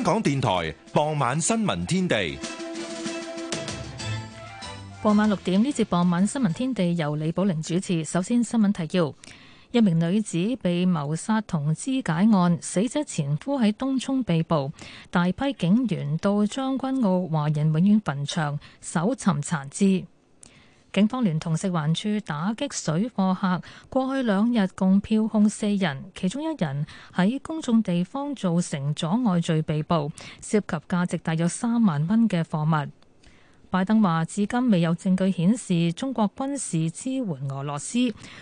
香港電台傍晚新聞天地。傍晚六點呢節傍晚新聞天地由李寶玲主持。首先新聞提要：一名女子被謀殺同肢解案，死者前夫喺東涌被捕。大批警員到將軍澳華人永遠墳場搜尋殘肢。警方聯同食環署打擊水貨客，過去兩日共票控四人，其中一人喺公眾地方造成阻礙罪被捕，涉及價值大約三萬蚊嘅貨物。拜登話，至今未有證據顯示中國軍事支援俄羅斯，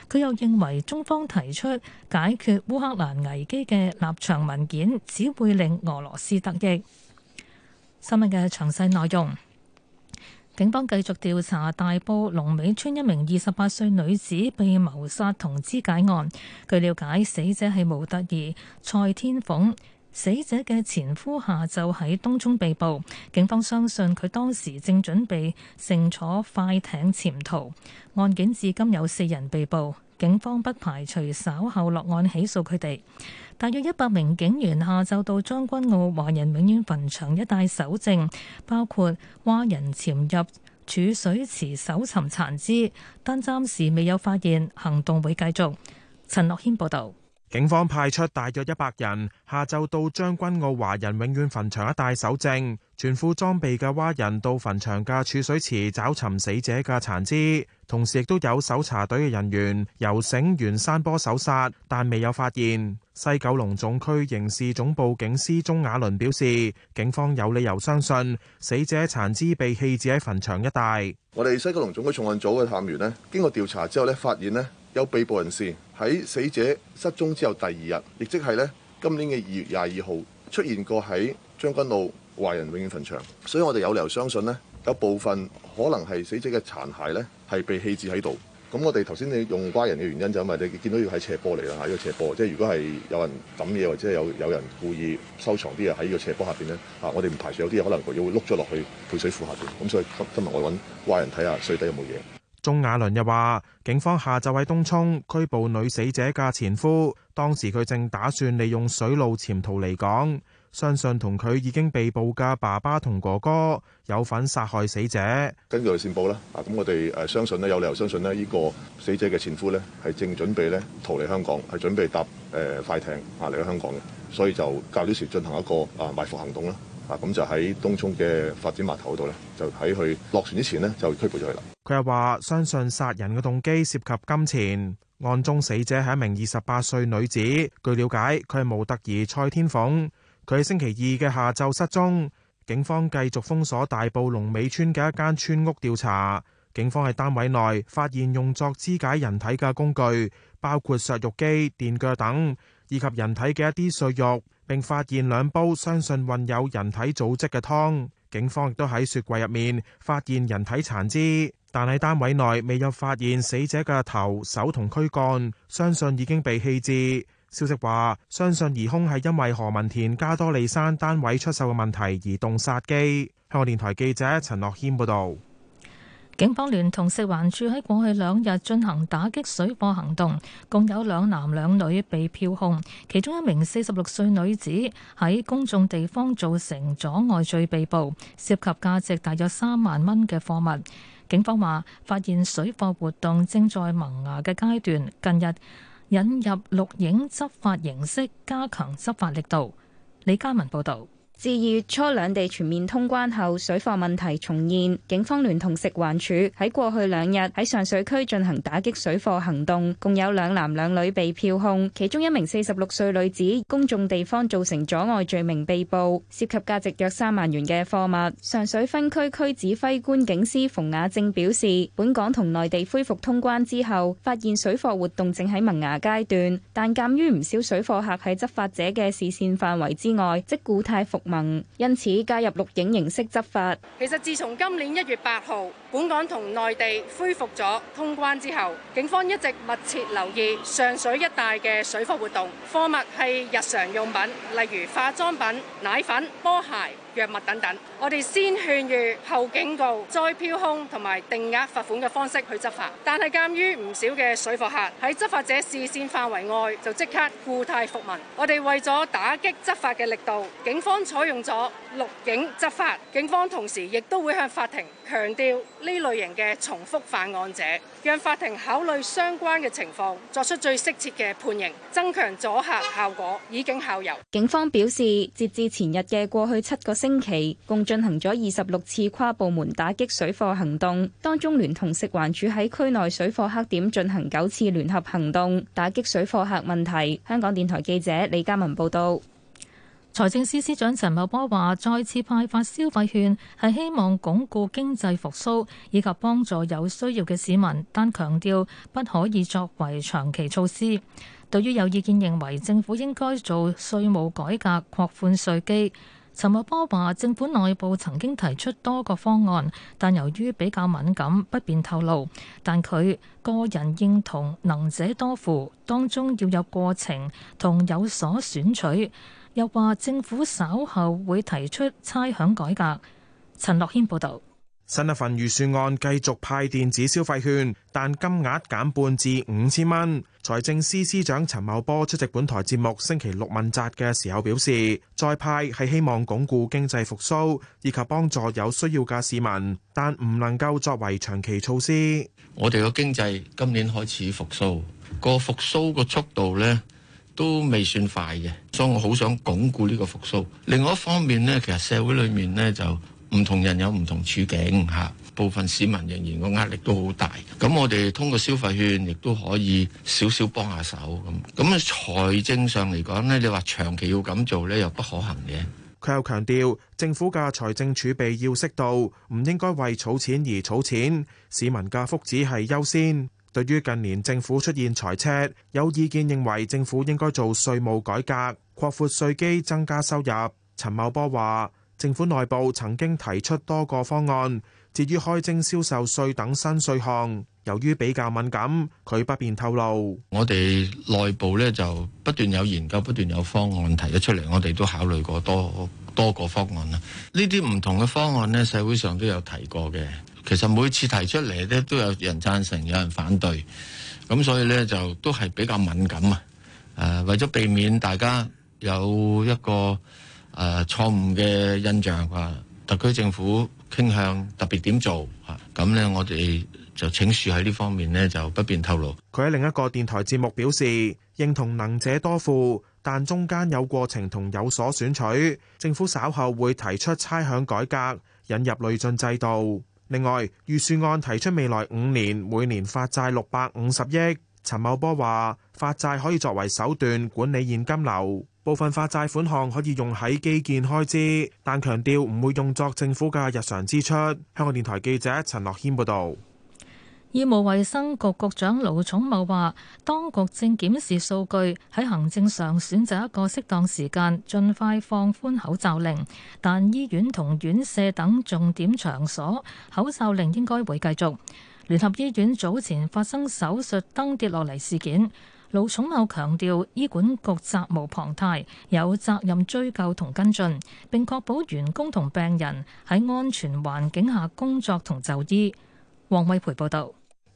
佢又認為中方提出解決烏克蘭危機嘅立場文件，只會令俄羅斯得益。新聞嘅詳細內容。警方繼續調查大埔龍尾村一名二十八歲女子被謀殺同肢解案。據了解，死者係模特兒蔡天鳳。死者嘅前夫下晝喺東涌被捕，警方相信佢當時正準備乘坐快艇潛逃。案件至今有四人被捕。警方不排除稍後落案起訴佢哋。大約一百名警員下晝到將軍澳華人永遠墳場一帶搜證，包括蛙人潛入儲水池搜尋殘肢，但暫時未有發現。行動會繼續。陳樂軒報導。警方派出大約一百人，下晝到將軍澳華人永遠墳場一帶搜證。全副裝備嘅蛙人到墳場嘅儲水池找尋死者嘅殘肢，同時亦都有搜查隊嘅人員由醒沿山坡搜殺，但未有發現。西九龍總區刑事總部警司鍾雅倫表示，警方有理由相信死者殘肢被棄置喺墳場一帶。我哋西九龍總區重案組嘅探員呢，經過調查之後呢，發現呢。有被捕人士喺死者失蹤之後第二日，亦即係呢今年嘅二月廿二號出現過喺將軍澳華人永遠墳場，所以我哋有理由相信呢有部分可能係死者嘅殘骸呢係被棄置喺度。咁我哋頭先你用蛙人嘅原因就係因為你見到要喺斜坡嚟啦，呢個斜坡，即係如果係有人抌嘢或者係有有人故意收藏啲嘢喺呢個斜坡下邊呢，啊，我哋唔排除有啲嘢可能會要碌咗落去配水庫下邊。咁所以今今日我揾蛙人睇下水底有冇嘢。鍾雅倫又話：警方下晝喺東涌拘捕女死者嘅前夫，當時佢正打算利用水路潛逃嚟港，相信同佢已經被捕嘅爸爸同哥哥有份殺害死者。根據我哋線報啦，啊，咁我哋誒相信咧，有理由相信咧，呢個死者嘅前夫呢係正準備呢逃離香港，係準備搭誒快艇啊嚟到香港嘅，所以就較早時進行一個啊埋伏行動啦。啊！咁就喺東涌嘅發展碼頭度呢就喺佢落船之前呢就拘捕咗佢啦。佢又話：相信殺人嘅動機涉及金錢。案中死者係一名二十八歲女子。據了解，佢係模特兒蔡天鳳。佢喺星期二嘅下晝失蹤。警方繼續封鎖大埔龍尾村嘅一間村屋調查。警方喺單位內發現用作肢解人體嘅工具，包括削肉機、電鋸等，以及人體嘅一啲碎肉。並發現兩煲相信混有人體組織嘅湯，警方亦都喺雪櫃入面發現人體殘肢，但喺單位內未有發現死者嘅頭、手同軀幹，相信已經被棄置。消息話，相信疑兇係因為何文田加多利山單位出售嘅問題而動殺機。香港電台記者陳樂軒報導。警方聯同食環署喺過去兩日進行打擊水貨行動，共有兩男兩女被票控，其中一名四十六歲女子喺公眾地方造成阻礙罪被捕，涉及價值大約三萬蚊嘅貨物。警方話發現水貨活動正在萌芽嘅階段，近日引入錄影執法形式加強執法力度。李嘉文報導。至二月初兩地全面通關後，水貨問題重現，警方聯同食環署喺過去兩日喺上水區進行打擊水貨行動，共有兩男兩女被票控，其中一名四十六歲女子公眾地方造成阻礙罪名被捕，涉及價值約三萬元嘅貨物。上水分區區指揮官警司馮雅正表示，本港同內地恢復通關之後，發現水貨活動正喺萌芽階段，但鑒於唔少水貨客喺執法者嘅視線範圍之外，即故態復。因此加入錄影形式執法。其實自從今年一月八號，本港同內地恢復咗通關之後，警方一直密切留意上水一帶嘅水貨活動，貨物係日常用品，例如化妝品、奶粉、波鞋。藥物等等，我哋先勸喻、後警告、再票控同埋定額罰款嘅方式去執法，但係鑑於唔少嘅水貨客喺執法者視線範圍外就即刻故態復萌，我哋為咗打擊執法嘅力度，警方採用咗錄警執法。警方同時亦都會向法庭強調呢類型嘅重複犯案者，讓法庭考慮相關嘅情況，作出最適切嘅判刑，增強阻嚇效果，以儆效尤。警方表示，截至前日嘅過去七個星期共進行咗二十六次跨部門打擊水貨行動，當中聯同食環署喺區內水貨客點進行九次聯合行動，打擊水貨客問題。香港電台記者李嘉文報道。財政司司長陳茂波話，再次派發消費券係希望鞏固經濟復甦以及幫助有需要嘅市民，但強調不可以作為長期措施。對於有意見認為政府應該做稅務改革、擴寬稅基。陳茂波話，政府內部曾經提出多個方案，但由於比較敏感，不便透露。但佢個人認同能者多付，當中要有過程同有所選取。又話政府稍後會提出差餉改革。陳樂軒報道：新一份預算案繼續派電子消費券，但金額減半至五千蚊。財政司司長陳茂波出席本台節目星期六問責嘅時候表示，再派係希望鞏固經濟復蘇，以及幫助有需要嘅市民，但唔能夠作為長期措施。我哋嘅經濟今年開始復蘇，個復蘇個速度呢都未算快嘅，所以我好想鞏固呢個復蘇。另外一方面呢，其實社會裏面呢，就唔同人有唔同處境吓。部分市民仍然個壓力都好大，咁我哋通過消費券亦都可以少少幫下手咁。咁啊，財政上嚟講咧，你話長期要咁做咧，又不可行嘅。佢又強調，政府嘅財政儲備要適度，唔應該為儲錢而儲錢，市民嘅福祉係優先。對於近年政府出現財赤，有意見認為政府應該做稅務改革，擴闊稅基，增加收入。陳茂波話政府內部曾經提出多個方案。至於開徵銷售稅等新稅項，由於比較敏感，佢不便透露。我哋內部咧就不斷有研究，不斷有方案提咗出嚟，我哋都考慮過多多個方案啦。呢啲唔同嘅方案呢，社會上都有提過嘅。其實每次提出嚟呢，都有人贊成，有人反對。咁所以呢，就都係比較敏感啊。誒、呃，為咗避免大家有一個誒、呃、錯誤嘅印象啩，特區政府。傾向特別點做嚇咁咧，我哋就請恕喺呢方面呢就不便透露。佢喺另一個電台節目表示認同能者多付，但中間有過程同有所選取。政府稍後會提出差餉改革，引入累進制度。另外預算案提出未來五年每年發債六百五十億。陳茂波話發債可以作為手段管理現金流。部分發債款項可以用喺基建開支，但強調唔會用作政府嘅日常支出。香港電台記者陳樂謙報道。醫務衛生局局長盧寵茂話，當局正檢視數據，喺行政上選擇一個適當時間，盡快放寬口罩令，但醫院同院舍等重點場所口罩令應該會繼續。聯合醫院早前發生手術燈跌落嚟事件。盧寵茂強調，醫管局責無旁貸，有責任追究同跟進，並確保員工同病人喺安全環境下工作同就醫。黃偉培報導。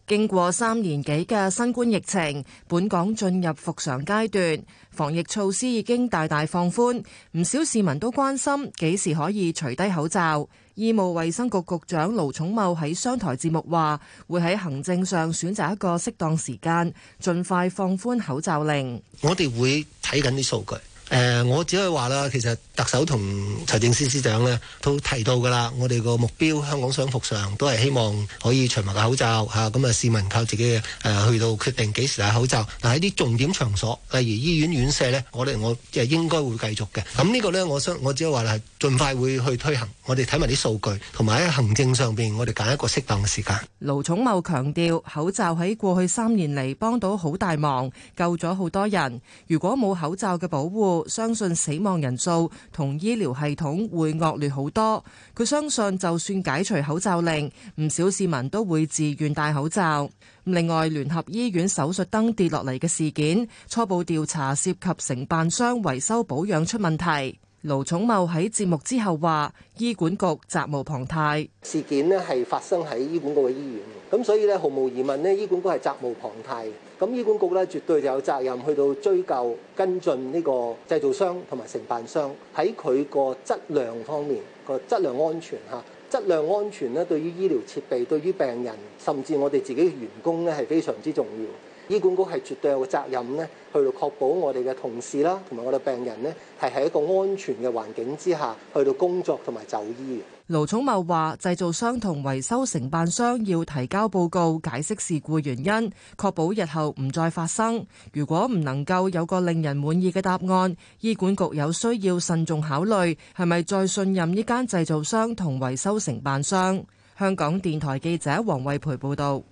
經過三年幾嘅新冠疫情，本港進入復常階段，防疫措施已經大大放寬，唔少市民都關心幾時可以除低口罩。醫務衛生局局長盧寵茂喺商台節目話，會喺行政上選擇一個適當時間，盡快放寬口罩令。我哋會睇緊啲數據。誒、呃，我只可以話啦，其實特首同財政司司長咧都提到噶啦，我哋個目標香港想復常都係希望可以除埋個口罩嚇，咁啊市民靠自己誒、呃、去到決定幾時戴口罩。但喺啲重點場所，例如醫院院舍呢，我哋我誒應該會繼續嘅。咁呢個呢，我想我只可以話啦，盡快會去推行。我哋睇埋啲數據，同埋喺行政上邊，我哋揀一個適當嘅時間。盧寵茂強調，口罩喺過去三年嚟幫到好大忙，救咗好多人。如果冇口罩嘅保護，相信死亡人數同醫療系統會惡劣好多。佢相信就算解除口罩令，唔少市民都會自願戴口罩。另外，聯合醫院手術燈跌落嚟嘅事件，初步調查涉及承辦商維修保養出問題。盧寵茂喺節目之後話，醫管局責無旁貸。事件咧係發生喺醫管局嘅醫院，咁所以咧毫無疑問咧，醫管局係責無旁貸。咁醫管局咧，絕對就有責任去到追究跟進呢個製造商同埋承辦商，喺佢個質量方面個質量安全嚇。質量安全咧，對於醫療設備、對於病人，甚至我哋自己嘅員工咧，係非常之重要。醫管局係絕對有個責任咧，去到確保我哋嘅同事啦，同埋我哋病人呢，係喺一個安全嘅環境之下去到工作同埋就醫嘅。盧寵茂話：製造商同維修承辦商要提交報告解釋事故原因，確保日後唔再發生。如果唔能夠有個令人滿意嘅答案，醫管局有需要慎重考慮係咪再信任呢間製造商同維修承辦商。香港電台記者黃惠培報道：二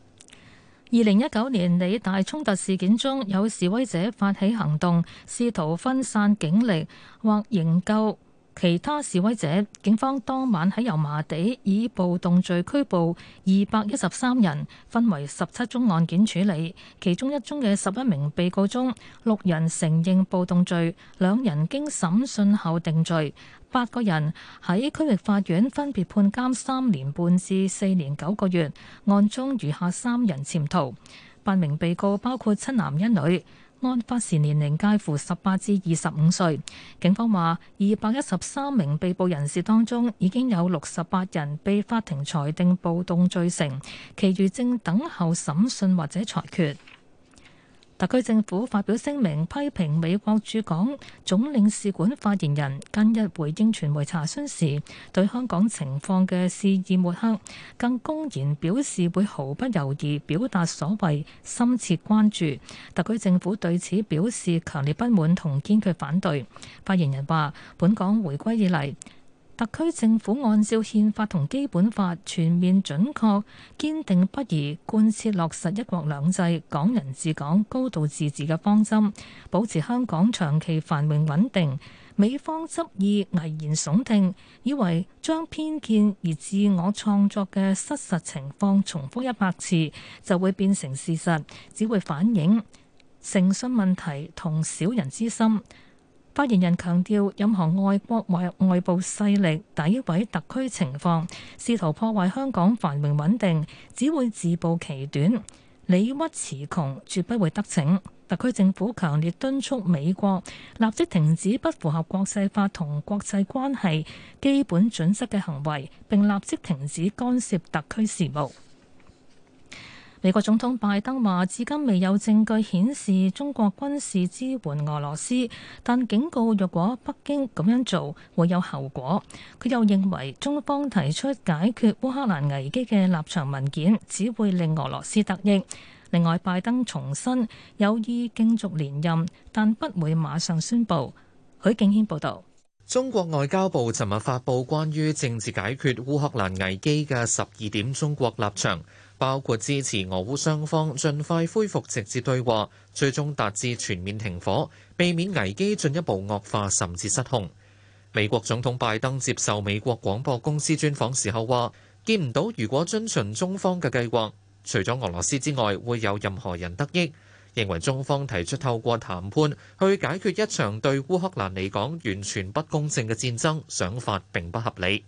零一九年理大衝突事件中有示威者發起行動，試圖分散警力或營救。其他示威者，警方當晚喺油麻地以暴動罪拘捕二百一十三人，分為十七宗案件處理。其中一宗嘅十一名被告中，六人承認暴動罪，兩人經審訊後定罪，八個人喺區域法院分別判監三年半至四年九個月。案中餘下三人潛逃。八名被告包括七男一女。案發時年齡介乎十八至二十五歲。警方話，二百一十三名被捕人士當中，已經有六十八人被法庭裁定暴動罪成，其餘正等候審訊或者裁決。特區政府發表聲明，批評美國駐港總領事館發言人近日回應傳媒查詢時對香港情況嘅肆意抹黑，更公然表示會毫不猶豫表達所謂深切關注。特區政府對此表示強烈不滿同堅決反對。發言人話：本港回歸以嚟，特區政府按照憲法同基本法全面準確、堅定不移貫徹落實一國兩制、港人治港、高度自治嘅方針，保持香港長期繁榮穩定。美方執意危言聳聽，以為將偏見而自我創作嘅失實情況重複一百次就會變成事實，只會反映誠信問題同小人之心。發言人強調，任何外國或外部勢力詆毀特區情況，試圖破壞香港繁榮穩定，只會自暴其短、理屈詞窮，絕不會得逞。特區政府強烈敦促美國立即停止不符合國際法同國際關係基本準則嘅行為，並立即停止干涉特區事務。美國總統拜登話：至今未有證據顯示中國軍事支援俄羅斯，但警告若果北京咁樣做會有後果。佢又認為中方提出解決烏克蘭危機嘅立場文件，只會令俄羅斯得益。另外，拜登重申有意競逐連任，但不會馬上宣布。許敬軒報導。中國外交部尋日發布關於政治解決烏克蘭危機嘅十二點中國立場。包括支持俄烏雙方盡快恢復直接對話，最終達至全面停火，避免危機進一步惡化甚至失控。美國總統拜登接受美國廣播公司專訪時候話，見唔到如果遵循中方嘅計劃，除咗俄羅斯之外，會有任何人得益。認為中方提出透過談判去解決一場對烏克蘭嚟講完全不公正嘅戰爭，想法並不合理。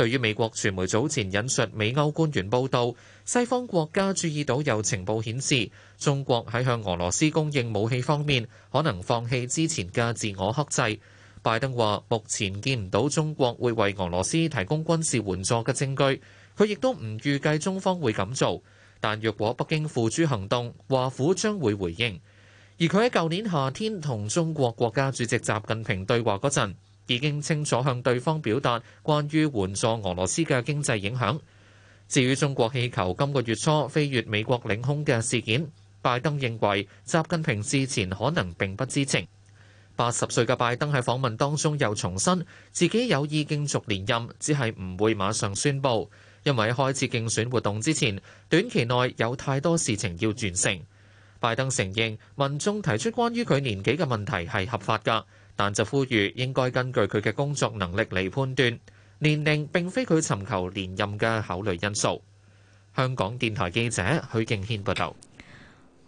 對於美國傳媒早前引述美歐官員報道，西方國家注意到有情報顯示，中國喺向俄羅斯供應武器方面可能放棄之前嘅自我克制。拜登話：目前見唔到中國會為俄羅斯提供軍事援助嘅證據，佢亦都唔預計中方會咁做。但若果北京付諸行動，華府將會回應。而佢喺舊年夏天同中國國家主席習近平對話嗰陣，已經清楚向對方表達關於援助俄羅斯嘅經濟影響。至於中國氣球今個月初飛越美國領空嘅事件，拜登認為習近平事前可能並不知情。八十歲嘅拜登喺訪問當中又重申自己有意競逐連任，只係唔會馬上宣佈，因為喺開始競選活動之前，短期內有太多事情要完成。拜登承認民眾提出關於佢年紀嘅問題係合法㗎。但就呼籲應該根據佢嘅工作能力嚟判斷，年齡並非佢尋求連任嘅考慮因素。香港電台記者許敬軒報道。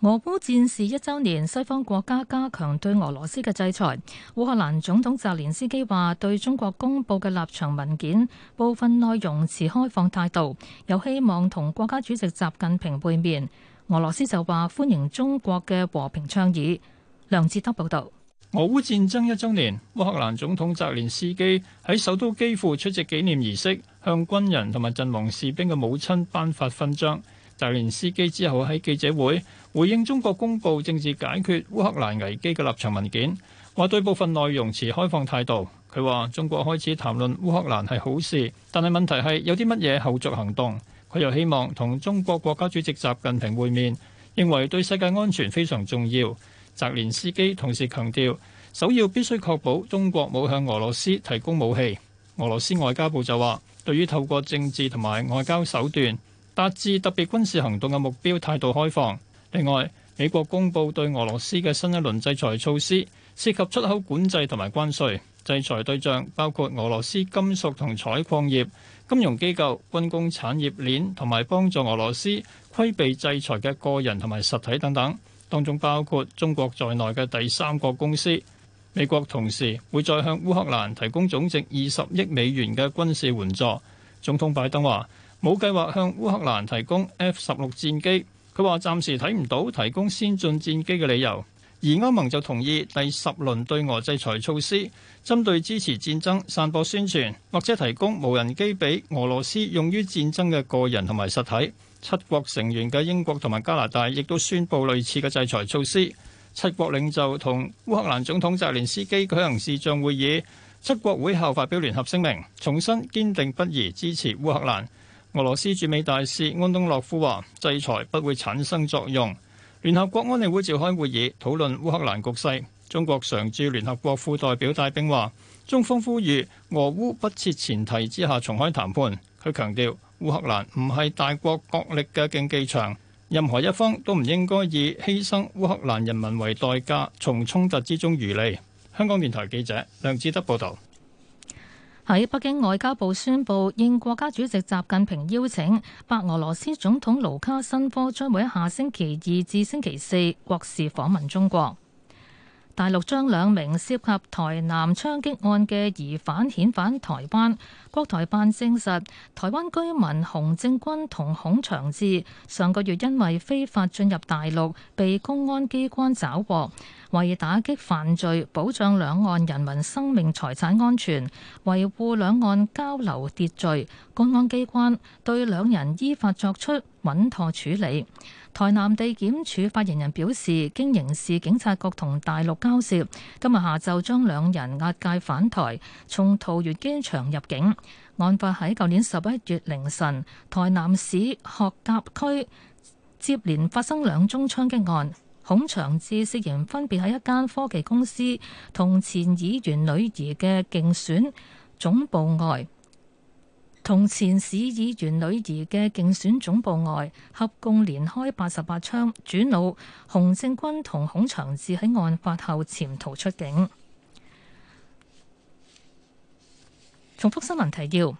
俄烏戰事一周年，西方國家加強對俄羅斯嘅制裁。烏克蘭總統澤連斯基話，對中國公佈嘅立場文件，部分內容持開放態度，有希望同國家主席習近平會面。俄羅斯就話歡迎中國嘅和平倡議。梁志德報道。俄烏戰爭一周年，烏克蘭總統澤連斯基喺首都基輔出席紀念儀式，向軍人同埋陣亡士兵嘅母親頒發勳章。澤連斯基之後喺記者會回應中國公佈政治解決烏克蘭危機嘅立場文件，話對部分內容持開放態度。佢話中國開始談論烏克蘭係好事，但係問題係有啲乜嘢後續行動。佢又希望同中國國家主席習近平會面，認為對世界安全非常重要。澤連斯基同時強調，首要必須確保中國冇向俄羅斯提供武器。俄羅斯外交部就話，對於透過政治同埋外交手段達至特別軍事行動嘅目標，態度開放。另外，美國公佈對俄羅斯嘅新一輪制裁措施，涉及出口管制同埋關稅。制裁對象包括俄羅斯金屬同採礦業、金融機構、軍工產業鏈同埋幫助俄羅斯規避制裁嘅個人同埋實體等等。當中包括中國在內嘅第三國公司。美國同時會再向烏克蘭提供總值二十億美元嘅軍事援助。總統拜登話：冇計劃向烏克蘭提供 F 十六戰機。佢話暫時睇唔到提供先進戰機嘅理由。而歐盟就同意第十輪對俄制裁措施，針對支持戰爭、散播宣傳或者提供無人機俾俄羅斯用於戰爭嘅個人同埋實體。七國成員嘅英國同埋加拿大亦都宣布類似嘅制裁措施。七國領袖同烏克蘭總統澤連斯基舉行視像會議，七國會後發表聯合聲明，重申堅定不移支持烏克蘭。俄羅斯駐美大使安東諾夫話：制裁不會產生作用。聯合國安理會召開會議，討論烏克蘭局勢。中國常駐聯合國副代表戴兵話：中方呼籲俄烏不設前提之下重開談判。佢強調，烏克蘭唔係大國國力嘅競技場，任何一方都唔應該以犧牲烏克蘭人民為代價，從衝突之中漁利。香港電台記者梁志德報道。喺北京外交部宣布，應國家主席習近平邀請，白俄羅斯總統盧卡申科將會下星期二至星期四國事訪問中國。大陸將兩名涉及台南槍擊案嘅疑犯遣返台灣。國台辦證實，台灣居民洪正軍同孔祥志上個月因為非法進入大陸被公安機關抓獲，為打擊犯罪、保障兩岸人民生命財產安全、維護兩岸交流秩序，公安機關對兩人依法作出穩妥處理。台南地檢署發言人表示，經刑事警察局同大陸交涉，今日下晝將兩人押解返台，從桃園機場入境。案發喺舊年十一月凌晨，台南市學甲區接連發生兩宗槍擊案，孔祥志涉嫌分別喺一間科技公司同前議員女兒嘅競選總部外。同前市議員女兒嘅競選總部外合共連開八十八槍，主腦洪正軍同孔祥志喺案發後潛逃出境。重複新聞提要：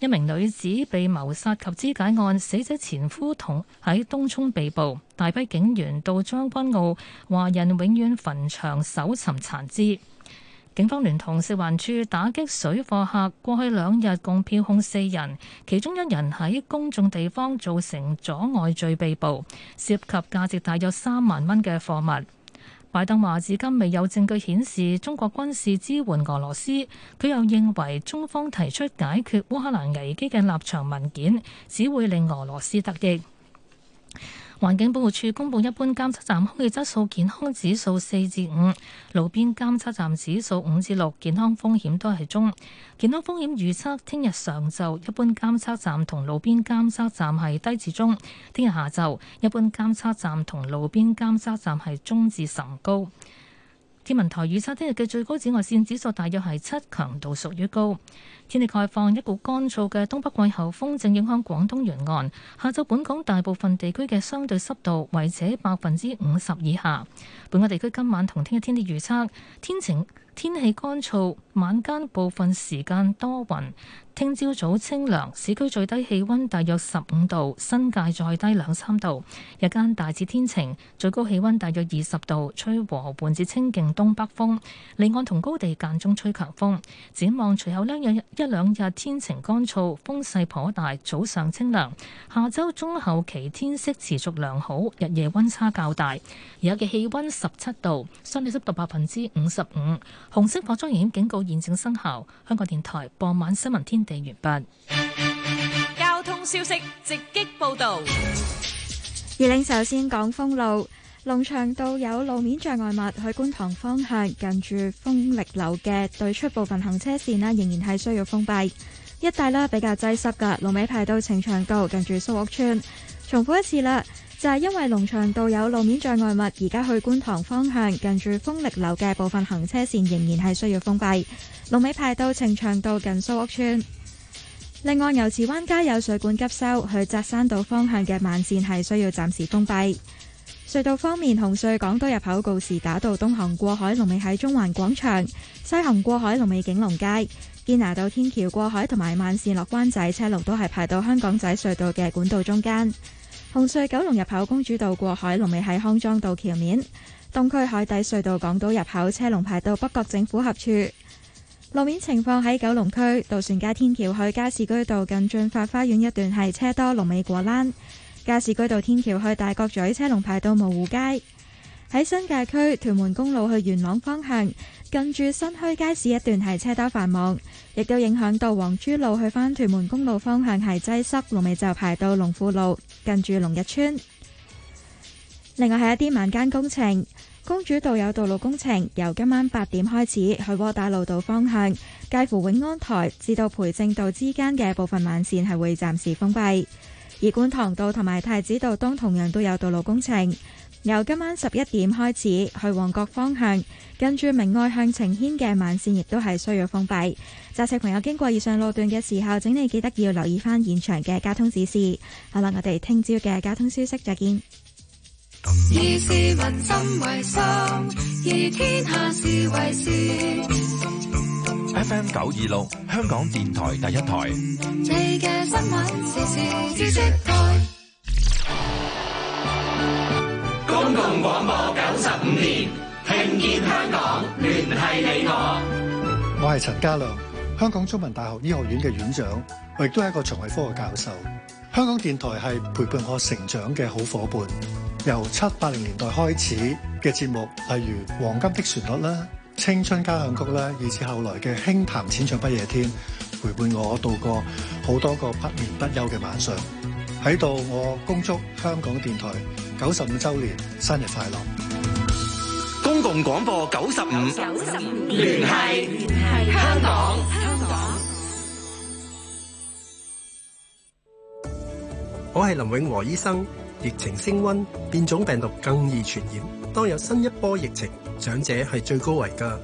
一名女子被謀殺及肢解案，死者前夫同喺東涌被捕，大批警員到將軍澳華人永遠墳場搜尋殘肢。警方聯同食環署打擊水貨客，過去兩日共票控四人，其中一人喺公眾地方造成阻礙罪被捕，涉及價值大約三萬蚊嘅貨物。拜登話：至今未有證據顯示中國軍事支援俄羅斯，佢又認為中方提出解決烏克蘭危機嘅立場文件，只會令俄羅斯得益。環境保護署公布，一般監測站空氣質素健康指數四至五，路邊監測站指數五至六，健康風險都係中。健康風險預測，聽日上晝一般監測站同路邊監測站係低至中，聽日下晝一般監測站同路邊監測站係中至甚高。天文台預測，聽日嘅最高紫外線指數大約係七，強度屬於高。天氣概況，一股乾燥嘅東北季候風正影響廣東沿岸，下晝本港大部分地區嘅相對濕度維持百分之五十以下。本港地區今晚同聽日天氣預測：天晴，天氣乾燥，晚間部分時間多雲，聽朝早清涼，市區最低氣溫大約十五度，新界再低兩三度。日間大致天晴，最高氣溫大約二十度，吹和緩至清勁東北風，離岸同高地間中吹強風。展望隨後兩日。一兩日天晴乾燥，風勢頗大，早上清涼。下周中後期天色持續良好，日夜溫差較大。而家嘅氣溫十七度，相對濕度百分之五十五。紅色火災危險警告現正生效。香港電台傍晚新聞天地完畢。交通消息直擊報導。而領首先講風路。龍翔道有路面障礙物，去觀塘方向近住風力樓嘅對出部分行車線啦，仍然係需要封閉一帶啦，比較擠塞噶，龍尾排到呈祥道近住蘇屋村重複一次啦，就係、是、因為龍翔道有路面障礙物，而家去觀塘方向近住風力樓嘅部分行車線仍然係需要封閉。龍尾排到呈祥道近蘇屋村另外，牛池灣街有水管急收，去澤山道方向嘅慢線係需要暫時封閉。隧道方面，紅隧港島入口告士打道東行過海龍尾喺中環廣場，西行過海龍尾景隆街。堅拿道天橋過海同埋慢線落灣仔車龍都係排到香港仔隧道嘅管道中間。紅隧九龍入口公主道過海龍尾喺康莊道橋面。東區海底隧道港島入口車龍排到北角政府合處。路面情況喺九龍區渡船街天橋去加士居道近駿發花園一段係車多，龍尾果欄。加士居道天橋去大角咀車龍排到蕪湖街，喺新界區屯門公路去元朗方向，近住新墟街市一段係車多繁忙，亦都影響到黃珠路去返屯門公路方向係擠塞，龍尾就排到龍富路近住龍日村。另外係一啲晚間工程，公主道有道路工程，由今晚八點開始去窩打老道方向，介乎永安台至到培正道之間嘅部分慢線係會暫時封閉。而觀塘道同埋太子道東同樣都有道路工程，由今晚十一點開始去旺角方向，跟住明愛向晴軒嘅晚線亦都係需要封閉。揸車朋友經過以上路段嘅時候，請你記得要留意翻現場嘅交通指示。好啦，我哋聽朝嘅交通消息再見。以市民心為心，以天下事為事。FM 九二六，香港電台第一台。公共廣播九十五年，聽見香港，聯繫你我。我係陳家亮，香港中文大學醫學院嘅院長，亦都係一個腸胃科學教授。香港電台係陪伴我成長嘅好夥伴。由七、八零年代開始嘅節目，例如《黃金的旋律》啦。《青春交響曲》咧，以至後來嘅《輕談淺唱不夜天》，陪伴我度過好多個不眠不休嘅晚上。喺度，我恭祝香港電台九十五周年生日快樂！公共廣播九十五，聯繫聯繫香港，聯繫聯繫香港。香港，我係林永和醫生。疫情升温，變種病毒更易傳染。當有新一波疫情。長者係最高危噶。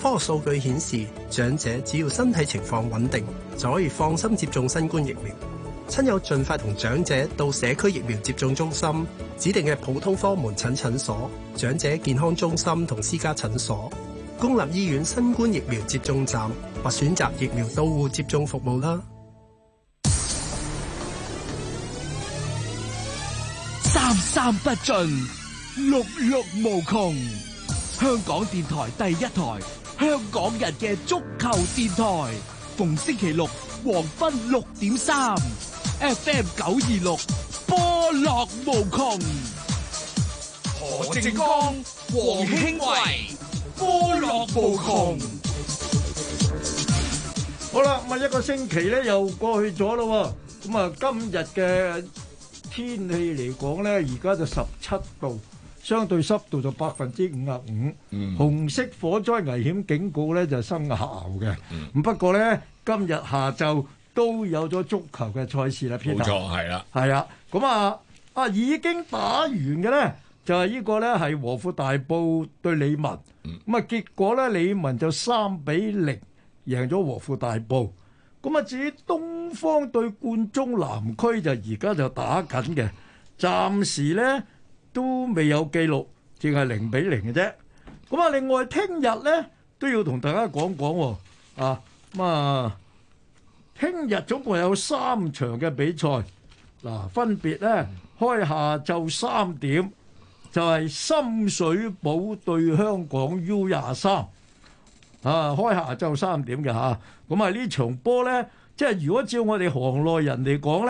科學數據顯示，長者只要身體情況穩定，就可以放心接種新冠疫苗。親友盡快同長者到社區疫苗接種中心、指定嘅普通科門診診所、長者健康中心同私家診所、公立醫院新冠疫苗接種站或選擇疫苗到戶接種服務啦。三三不盡，六六無窮。香港電台第一台，香港人嘅足球電台，逢星期六黃昏六點三，FM 九二六，波樂無窮。何正光、黃興偉，波樂無窮。好啦，咁啊一個星期咧又過去咗咯，咁啊今日嘅天氣嚟講咧，而家就十七度。相對濕度就百分之五十五，紅色火災危險警告咧就生效嘅。咁不過咧，今日下晝都有咗足球嘅賽事啦特，偏下。冇錯，係啦，係啦。咁啊啊已經打完嘅咧，就係呢個咧係和富大埔對李文。咁啊、嗯、PDF 結果咧李文就三比零贏咗和富大埔。咁啊至於東方對冠忠南區就而家就打緊嘅，暫時咧都未有記錄，淨係零比零嘅啫。咁啊，另外聽日咧都要同大家講講、哦、啊，咁啊，聽日總共有三場嘅比賽。嗱、啊，分別咧開下晝三點，就係、是、深水埗對香港 U 廿三。啊，開下晝三點嘅吓。咁啊，場呢場波咧，即係如果照我哋行內人嚟講咧。